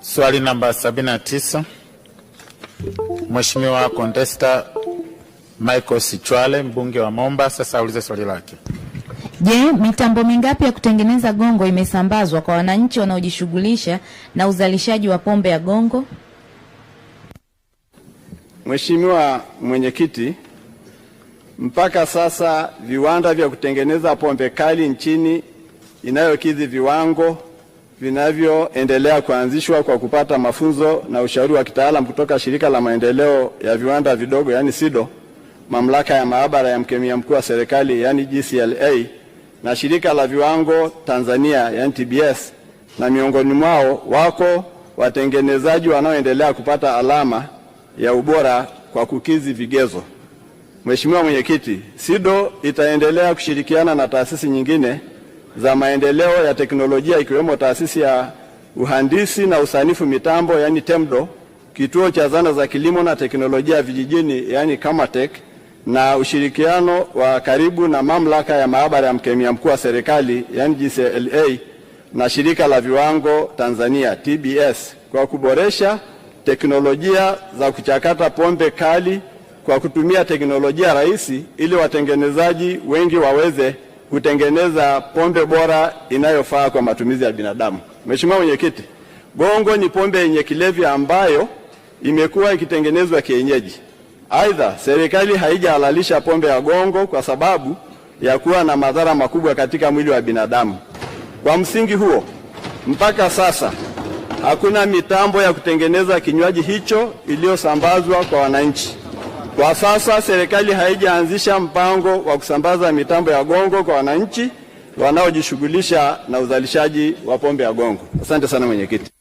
Swali namba 79, Mheshimiwa Contesta Michael Sichwale mbunge wa Momba, sasa aulize swali lake. Je, mitambo mingapi ya kutengeneza gongo imesambazwa kwa wananchi wanaojishughulisha na uzalishaji wa pombe ya gongo? Mheshimiwa Mwenyekiti, mpaka sasa viwanda vya kutengeneza pombe kali nchini inayokidhi viwango vinavyoendelea kuanzishwa kwa kupata mafunzo na ushauri wa kitaalam kutoka shirika la maendeleo ya viwanda vidogo yaani SIDO, mamlaka ya maabara ya mkemia mkuu wa serikali yani GCLA na shirika la viwango Tanzania yani TBS, na miongoni mwao wako watengenezaji wanaoendelea kupata alama ya ubora kwa kukizi vigezo. Mheshimiwa Mwenyekiti, SIDO itaendelea kushirikiana na taasisi nyingine za maendeleo ya teknolojia ikiwemo taasisi ya uhandisi na usanifu mitambo yani TEMDO, kituo cha zana za kilimo na teknolojia vijijini yani Kamatek, na ushirikiano wa karibu na mamlaka ya maabara ya mkemia mkuu wa serikali yani GCLA na shirika la viwango Tanzania TBS kwa kuboresha teknolojia za kuchakata pombe kali kwa kutumia teknolojia rahisi ili watengenezaji wengi waweze kutengeneza pombe bora inayofaa kwa matumizi ya binadamu. Mheshimiwa Mwenyekiti, gongo ni pombe yenye kilevi ambayo imekuwa ikitengenezwa kienyeji. Aidha, serikali haijahalalisha pombe ya gongo kwa sababu ya kuwa na madhara makubwa katika mwili wa binadamu. Kwa msingi huo, mpaka sasa hakuna mitambo ya kutengeneza kinywaji hicho iliyosambazwa kwa wananchi. Kwa sasa serikali haijaanzisha mpango wa kusambaza mitambo ya gongo kwa wananchi wanaojishughulisha na uzalishaji wa pombe ya gongo. Asante sana mwenyekiti.